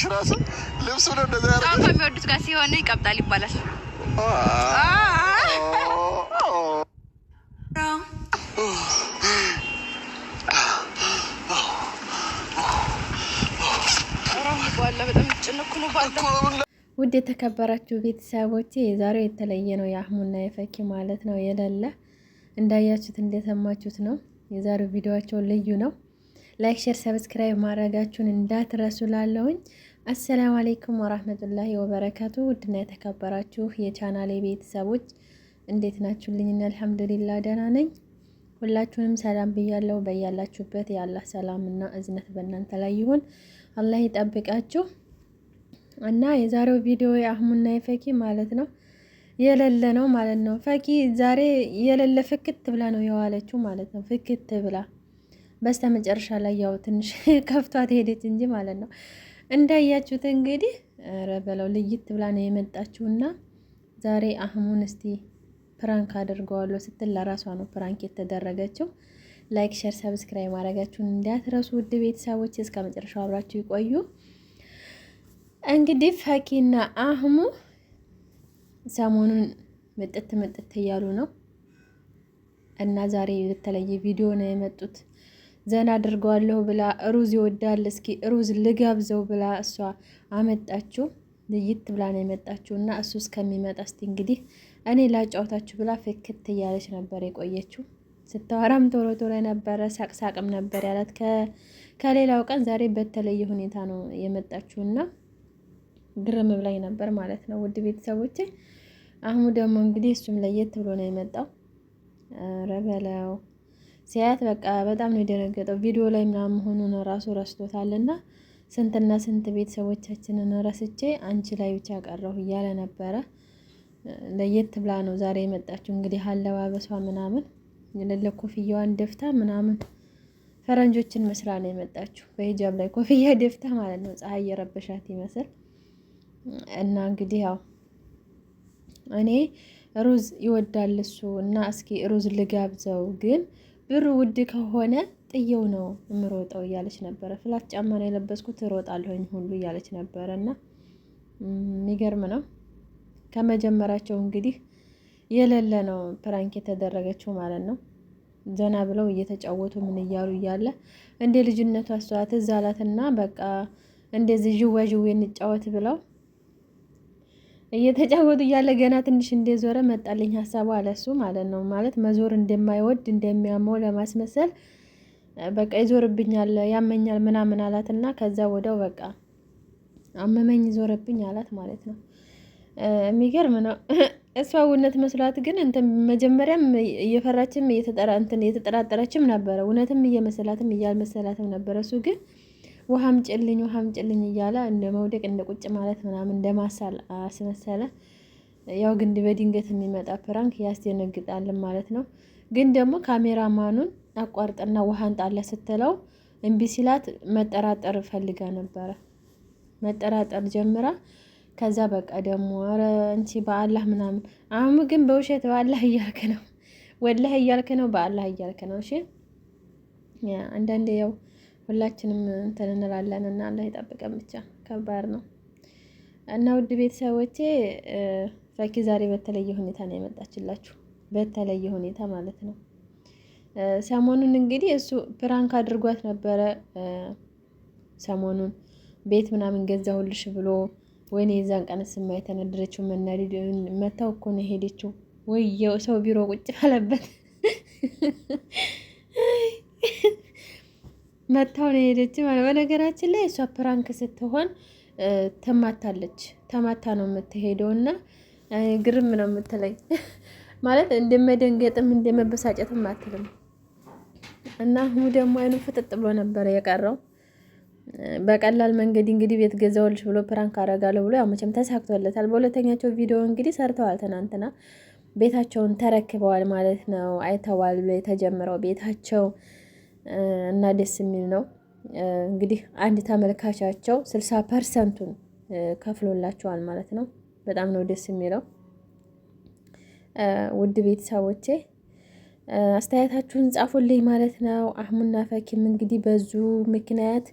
ልጅሽ ራስ ልብሱ ነው እንደዛ ያደርጋል። ከሚወዱት ጋር ሲሆን ይቀብጣል ይባላል። ውድ የተከበራችሁ ቤተሰቦቼ የዛሬው የተለየ ነው። የአህሙና የፈኪ ማለት ነው የለለ እንዳያችሁት እንደሰማችሁት ነው። የዛሬው ቪዲዮዋቸው ልዩ ነው። ላይክ፣ ሼር፣ ሰብስክራይብ ማድረጋችሁን እንዳትረሱ። ላለውኝ አሰላሙ አሌይኩም ወራህመቱላሂ ወበረካቱ። ውድና የተከበራችሁ የቻናሌ ቤተሰቦች እንዴት ናችሁልኝና? አልሐምዱሊላ ደህና ነኝ። ሁላችሁንም ሰላም ብያለሁ። በያላችሁበት የአላህ ሰላምና እዝነት በእናንተ ላይ ይሁን፣ አላህ ይጠብቃችሁ። እና የዛሬው ቪዲዮ የአህሙና የፈኪ ማለት ነው የሌለ ነው ማለት ነው። ፈኪ ዛሬ የሌለ ፍክት ብላ ነው የዋለችው ማለት ነው። ፍክት ብላ በስተ መጨረሻ ላይ ያው ትንሽ ከፍቷት ሄደች እንጂ ማለት ነው። እንዳያችሁት እንግዲህ ኧረ በለው ልይት ብላ ነው የመጣችሁና ዛሬ አህሙን እስቲ ፕራንክ አድርገዋለሁ ስትል ለራሷ ነው ፕራንክ የተደረገችው። ላይክ፣ ሸር፣ ሰብስክራይብ ማድረጋችሁን እንዳትረሱ ውድ ቤተሰቦች፣ እስከ መጨረሻው አብራችሁ ይቆዩ። እንግዲህ ፈኪና አህሙ ሰሞኑን ምጥት ምጥት እያሉ ነው እና ዛሬ የተለየ ቪዲዮ ነው የመጡት። ዘና አድርገዋለሁ ብላ ሩዝ ይወዳል እስኪ ሩዝ ልጋብዘው ብላ እሷ አመጣችው። ልይት ብላ ነው የመጣችው እና እሱ እስከሚመጣ እስቲ እንግዲህ እኔ ላጫውታችሁ ብላ ፍክት እያለች ነበር የቆየችው። ስታወራም ቶሎ ቶሎ ነበረ፣ ሳቅሳቅም ነበር ያላት። ከሌላው ቀን ዛሬ በተለየ ሁኔታ ነው የመጣችው እና ግርም ብላኝ ነበር ማለት ነው። ውድ ቤተሰቦቼ አህሙ ደግሞ እንግዲህ እሱም ለየት ብሎ ነው የመጣው ረበለው ሲያያት በቃ በጣም ነው የደነገጠው። ቪዲዮ ላይ ምናምን ሆኑን ራሱ ረስቶታልና ስንትና ስንት ቤተሰቦቻችንን ረስቼ አንቺ ላይ ብቻ ቀረሁ እያለ ነበረ። ለየት ብላ ነው ዛሬ የመጣችው። እንግዲህ አለባበሷ ምናምን ለኮፍያዋን ደፍታ ምናምን ፈረንጆችን መስላ ነው የመጣችው። በሂጃብ ላይ ኮፍያ ደፍታ ማለት ነው። ፀሐይ የረበሻት ይመስል እና እንግዲህ ያው እኔ ሩዝ ይወዳል እሱ እና እስኪ ሩዝ ልጋብዘው ግን ብር ውድ ከሆነ ጥየው ነው የምሮጠው እያለች ነበረ። ፍላት ጫማ ነው የለበስኩት እሮጣለሁኝ ሁሉ እያለች ነበረ። እና የሚገርም ነው ከመጀመራቸው እንግዲህ የሌለ ነው ፕራንክ የተደረገችው ማለት ነው። ዘና ብለው እየተጫወቱ ምን እያሉ እያለ እንደ ልጅነቷ እሷ ትዝ አላትና በቃ እንደዚህ ዥዋ ዥዌ እንጫወት ብለው እየተጫወቱ እያለ ገና ትንሽ እንደዞረ መጣልኝ ሀሳቡ አለሱ ማለት ነው። ማለት መዞር እንደማይወድ እንደሚያመው ለማስመሰል በቃ ይዞርብኛል፣ ያመኛል ምናምን አላት እና ከዛ ወደው በቃ አመመኝ ይዞርብኝ አላት ማለት ነው። የሚገርም ነው። እሷ እውነት መስሏት ግን እንትን መጀመሪያም እየፈራችም እየተጠራጠረችም ነበረ። እውነትም እየመሰላትም እያልመሰላትም ነበረ እሱ ግን ውሃም ጭልኝ ውሃም ጭልኝ እያለ እንደ መውደቅ እንደ ቁጭ ማለት ምናምን እንደ ማሳል አስመሰለ። ያው ግን በድንገት የሚመጣ ፕራንክ ያስደነግጣልን ማለት ነው። ግን ደግሞ ካሜራማኑን አቋርጠና ውሃን ጣለ ስትለው እምቢ ሲላት መጠራጠር ፈልጋ ነበረ። መጠራጠር ጀምራ ከዛ በቃ ደግሞ ኧረ እንቺ በአላህ ምናምን አሁን ግን በውሸት በአላህ እያልክ ነው ወላህ እያልክ ነው በአላህ እያልክ ነው። እሺ አንዳንዴ ያው ሁላችንም እንትን እንላለን እና አላህ ይጠብቀን ብቻ ከባድ ነው እና ውድ ቤተሰቦቼ ፈኪ ዛሬ በተለየ ሁኔታ ነው የመጣችላችሁ። በተለየ ሁኔታ ማለት ነው። ሰሞኑን እንግዲህ እሱ ፕራንክ አድርጓት ነበረ። ሰሞኑን ቤት ምናምን ገዛሁልሽ ብሎ ወይኔ የዛን ቀን ስማ የተነደረችው መናደድ መታው እኮ ነው ሄደችው። ወይ ሰው ቢሮ ቁጭ ባለበት መታው ነው የሄደች ማለት። በነገራችን ላይ እሷ ፕራንክ ስትሆን ተማታለች፣ ተማታ ነው የምትሄደው እና ግርም ነው የምትለኝ ማለት እንደመደንገጥም እንደመበሳጨትም አትልም። እና ሁሙ ደግሞ አይኑ ፍጥጥ ብሎ ነበረ የቀረው። በቀላል መንገድ እንግዲህ ቤት ገዛውልሽ ብሎ ፕራንክ አረጋለሁ ብሎ ያው መቼም ተሳክቶለታል። በሁለተኛቸው ቪዲዮ እንግዲህ ሰርተዋል። ትናንትና ቤታቸውን ተረክበዋል ማለት ነው። አይተዋል የተጀመረው ቤታቸው እና ደስ የሚል ነው። እንግዲህ አንድ ተመልካቻቸው ስልሳ ፐርሰንቱን ከፍሎላቸዋል ማለት ነው። በጣም ነው ደስ የሚለው። ውድ ቤተሰቦቼ አስተያየታችሁን ጻፉልኝ ማለት ነው። አህሙና ፈኪም እንግዲህ በዙ ምክንያት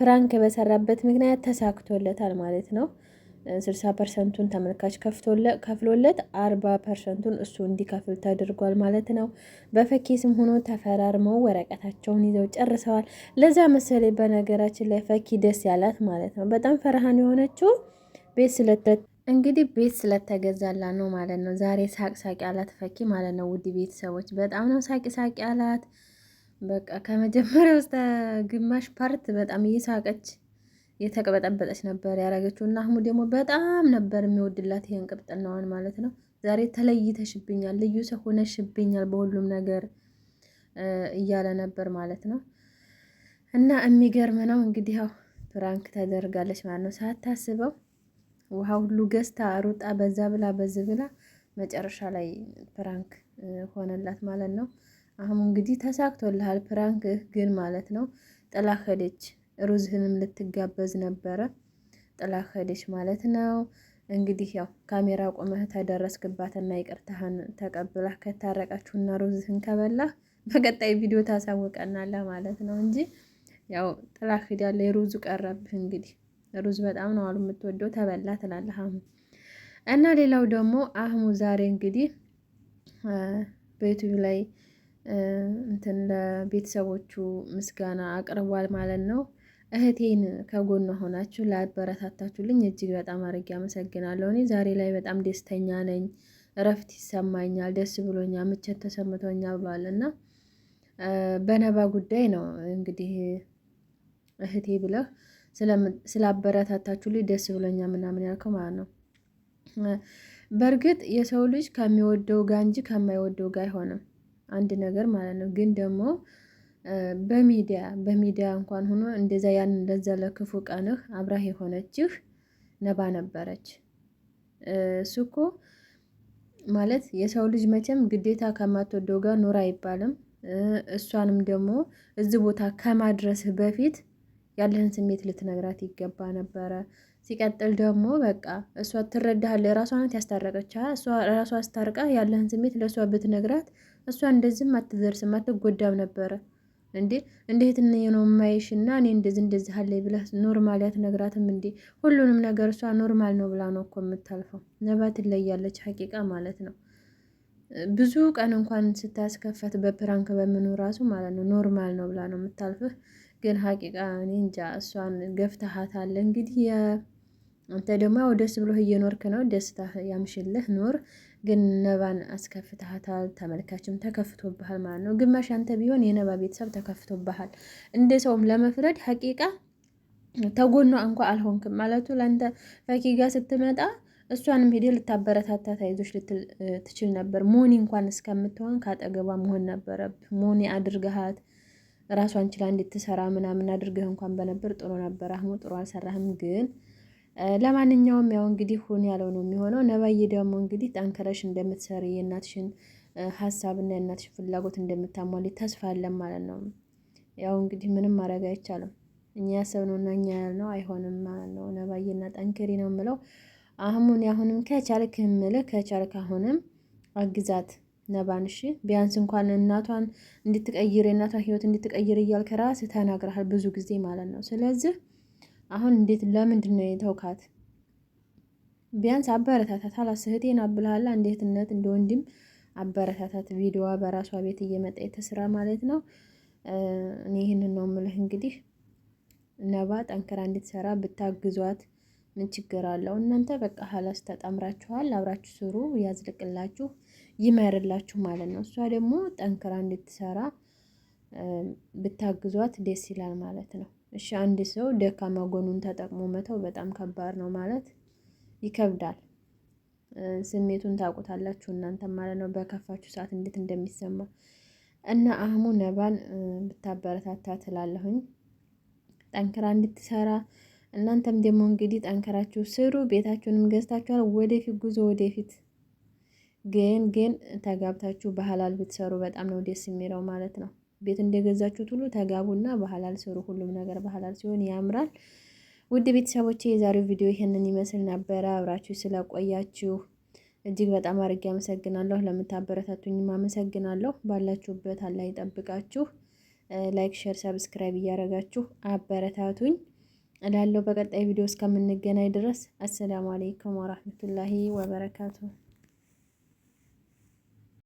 ፕራንክ በሰራበት ምክንያት ተሳክቶለታል ማለት ነው። ስልሳ ፐርሰንቱን ተመልካች ከፍሎለት አርባ ፐርሰንቱን እሱ እንዲከፍል ተደርጓል ማለት ነው። በፈኬ ስም ሆኖ ተፈራርመው ወረቀታቸውን ይዘው ጨርሰዋል። ለዛ መሰሌ በነገራችን ላይ ፈኪ ደስ ያላት ማለት ነው። በጣም ፈርሃን የሆነችው ቤት ስለተ እንግዲህ ቤት ስለተገዛላ ነው ማለት ነው። ዛሬ ሳቅ ሳቅ ያላት ፈኪ ማለት ነው። ውድ ቤተሰቦች በጣም ነው ሳቅ ሳቅ ያላት። በቃ ከመጀመሪያው እስከ ግማሽ ፓርት በጣም እየሳቀች የተቀበጠበጠች ነበር ያረገችው እና አህሙ ደግሞ በጣም ነበር የሚወድላት ይሄን ቅብጥናዋን ማለት ነው። ዛሬ ተለይተሽብኛል፣ ልዩ ሰው ሆነሽብኛል በሁሉም ነገር እያለ ነበር ማለት ነው። እና የሚገርም ነው እንግዲህ ያው ፕራንክ ተደርጋለች ማለት ነው። ሳታስበው ውሃ ሁሉ ገዝታ ሩጣ በዛ ብላ በዝ ብላ መጨረሻ ላይ ፕራንክ ሆነላት ማለት ነው። አህሙ እንግዲህ ተሳክቶልሃል ፕራንክ ግን ማለት ነው ጥላ ሄደች። ሩዝህንም ልትጋበዝ ነበረ ጥላ ሄደች ማለት ነው። እንግዲህ ያው ካሜራ ቆመህ ተደረስክባትና ይቅርታህን ተቀብላህ ከታረቃችሁና ሩዝህን ከበላህ በቀጣይ ቪዲዮ ታሳውቀናለህ ማለት ነው እንጂ ያው ጥላ ሄዳለህ፣ የሩዙ ቀረብህ። እንግዲህ ሩዝ በጣም ነው አሉ የምትወደው ተበላ ትላለህ አሁን እና ሌላው ደግሞ አህሙ ዛሬ እንግዲህ በዩቱብ ላይ እንትን ለቤተሰቦቹ ምስጋና አቅርቧል ማለት ነው። እህቴን ከጎኗ ሆናችሁ ላበረታታችሁልኝ እጅግ በጣም አድርጌ አመሰግናለሁ። እኔ ዛሬ ላይ በጣም ደስተኛ ነኝ፣ እረፍት ይሰማኛል፣ ደስ ብሎኛል፣ ምቸት ተሰምቶኛል ብሏል እና በነባ ጉዳይ ነው እንግዲህ እህቴ ብለህ ስላበረታታችሁልኝ ደስ ብሎኛል ምናምን ያልከው ማለት ነው። በእርግጥ የሰው ልጅ ከሚወደው ጋር እንጂ ከማይወደው ጋር አይሆንም አንድ ነገር ማለት ነው ግን ደግሞ በሚዲያ በሚዲያ እንኳን ሆኖ እንደዛ ያን እንደዛ ለክፉ ቀንህ አብራህ የሆነችህ ነባ ነበረች። እሱ እኮ ማለት የሰው ልጅ መቼም ግዴታ ከማትወደው ጋር ኑር አይባልም። እሷንም ደግሞ እዚህ ቦታ ከማድረስህ በፊት ያለህን ስሜት ልትነግራት ይገባ ነበረ። ሲቀጥል ደግሞ በቃ እሷ ትረዳሃለህ። ራሷ ናት ያስታረቀች። እሷ ራሷ አስታርቃ ያለህን ስሜት ለእሷ ብትነግራት እሷ እንደዚህም አትደርስም አትጎዳም ነበረ። እንዴ እንዴት ነው የማይሽ? እና እኔ እንደዚህ እንደዚህ አለኝ ብላ ኖርማል አትነግራትም እንዴ? ሁሉንም ነገር እሷ ኖርማል ነው ብላ ነው እኮ የምታልፈው። ነባ ትለያለች፣ ሀቂቃ ማለት ነው። ብዙ ቀን እንኳን ስታስከፈት በፕራንክ በምኑ ራሱ ማለት ነው ኖርማል ነው ብላ ነው የምታልፍህ። ግን ሀቂቃ እኔ እንጃ፣ እሷን ገፍተሃታል። እንግዲህ አንተ ደግሞ ደስ ብሎህ እየኖርክ ነው፣ ደስታ ያምሽልህ ኖር ግን ነባን አስከፍተሃታል፣ ተመልካችም ተከፍቶብሃል ማለት ነው። ግማሽ አንተ ቢሆን የነባ ቤተሰብ ተከፍቶብሃል። እንደ ሰውም ለመፍረድ ሀቂቃ ተጎኗ እንኳ አልሆንክም ማለቱ ለአንተ ፈኪጋ ስትመጣ እሷንም ሄደ ልታበረታታ ታይዞች ልትል ትችል ነበር። ሞኒ እንኳን እስከምትሆን ካጠገቧ መሆን ነበረብህ። ሞኒ አድርገሃት ራሷን ችላ እንድትሰራ ምናምን አድርገህ እንኳን በነበር ጥሩ ነበር። አህሙ ጥሩ አልሰራህም ግን ለማንኛውም ያው እንግዲህ ሁን ያለው ነው የሚሆነው። ነባዬ ደግሞ እንግዲህ ጠንክረሽ እንደምትሰሪ የእናትሽን ሀሳብና የእናትሽን ፍላጎት እንደምታሟል ተስፋ አለን ማለት ነው። ያው እንግዲህ ምንም ማድረግ አይቻልም። እኛ ያሰብነውና እኛ ያልነው አይሆንም ማለት ነው። ነባዬና ጠንክሪ ነው የምለው። አህሙን ያሁንም ከቻልክ ምልህ ከቻልክ አሁንም አግዛት ነባንሽ ቢያንስ እንኳን እናቷን እንድትቀይር የእናቷን ህይወት እንድትቀይር እያልክ ራስህ ተናግረሃል ብዙ ጊዜ ማለት ነው። ስለዚህ አሁን እንዴት ለምንድን ነው የተውካት? ቢያንስ አበረታታት። አላስ እህቴን አብልሃላ እንዴትነት እንደ ወንድም አበረታታት። ቪዲዮዋ በራሷ ቤት እየመጣ የተስራ ማለት ነው። እኔ ይህንን ነው ምልህ። እንግዲህ ነባ ጠንክራ እንድትሰራ ብታግዟት ምን ችግር አለው? እናንተ በቃ ሀላስ ተጣምራችኋል። አብራችሁ ስሩ፣ ያዝልቅላችሁ፣ ይመርላችሁ ማለት ነው። እሷ ደግሞ ጠንክራ እንድትሰራ ብታግዟት ደስ ይላል ማለት ነው። እሺ አንድ ሰው ደካማ ጎኑን ተጠቅሞ መተው በጣም ከባድ ነው ማለት ይከብዳል። ስሜቱን ታውቁታላችሁ እናንተም ማለት ነው በከፋችሁ ሰዓት እንዴት እንደሚሰማ እና አህሙ ነባን ብታበረታታ ትላለሁኝ። ጠንክራ እንድትሰራ እናንተም ደግሞ እንግዲህ ጠንክራችሁ ስሩ። ቤታችሁንም ገዝታችኋል። ወደፊት ጉዞ ወደፊት ግን ግን ተጋብታችሁ በሐላል ብትሰሩ በጣም ነው ደስ የሚለው ማለት ነው። ቤት እንደገዛችሁት ሁሉ ተጋቡና ባህላል ስሩ። ሁሉም ነገር ባህላል ሲሆን ያምራል። ውድ ቤተሰቦቼ የዛሬው ቪዲዮ ይህንን ይመስል ነበረ። አብራችሁ ስለቆያችሁ እጅግ በጣም አድርጌ አመሰግናለሁ። ለምታበረታቱኝም አመሰግናለሁ። ባላችሁበት አላህ ይጠብቃችሁ። ላይክ፣ ሼር፣ ሰብስክራይብ እያደረጋችሁ አበረታቱኝ እላለሁ። በቀጣይ ቪዲዮ እስከምንገናኝ ድረስ አሰላሙ አሌይኩም ወራህመቱላሂ ወበረካቱ።